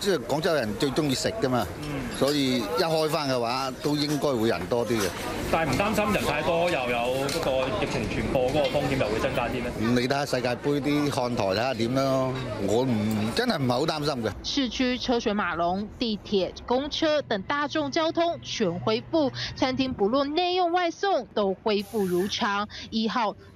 即係廣州人最中意食噶嘛，所以一開翻嘅話都應該會人多啲嘅。但係唔擔心人太多，又有嗰個疫情傳播嗰個風險就會增加啲咩？你睇下世界盃啲看台睇下點咯。我唔真係唔係好擔心嘅。市區車水馬龍，地鐵、公車等大眾交通全恢復，餐廳不論內用外送都恢復如常。一號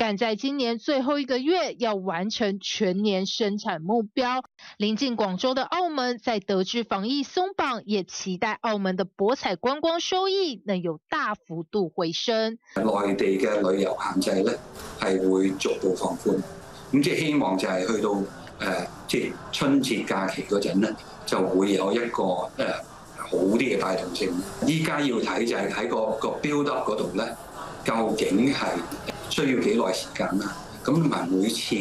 趕在今年最後一個月要完成全年生產目標。臨近廣州嘅澳門，在得知防疫鬆綁，也期待澳門的博彩觀光收益能有大幅度回升。內地嘅旅遊限制咧，係會逐步放寬，咁即係希望就係去到誒、呃，即係春節假期嗰陣咧，就會有一個誒、呃、好啲嘅帶動性。依家要睇就係睇、那個、那個標得嗰度咧，究竟係。需要幾耐時間啊？咁同埋每次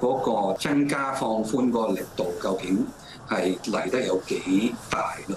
嗰個增加放寬嗰個力度，究竟係嚟得有幾大咯？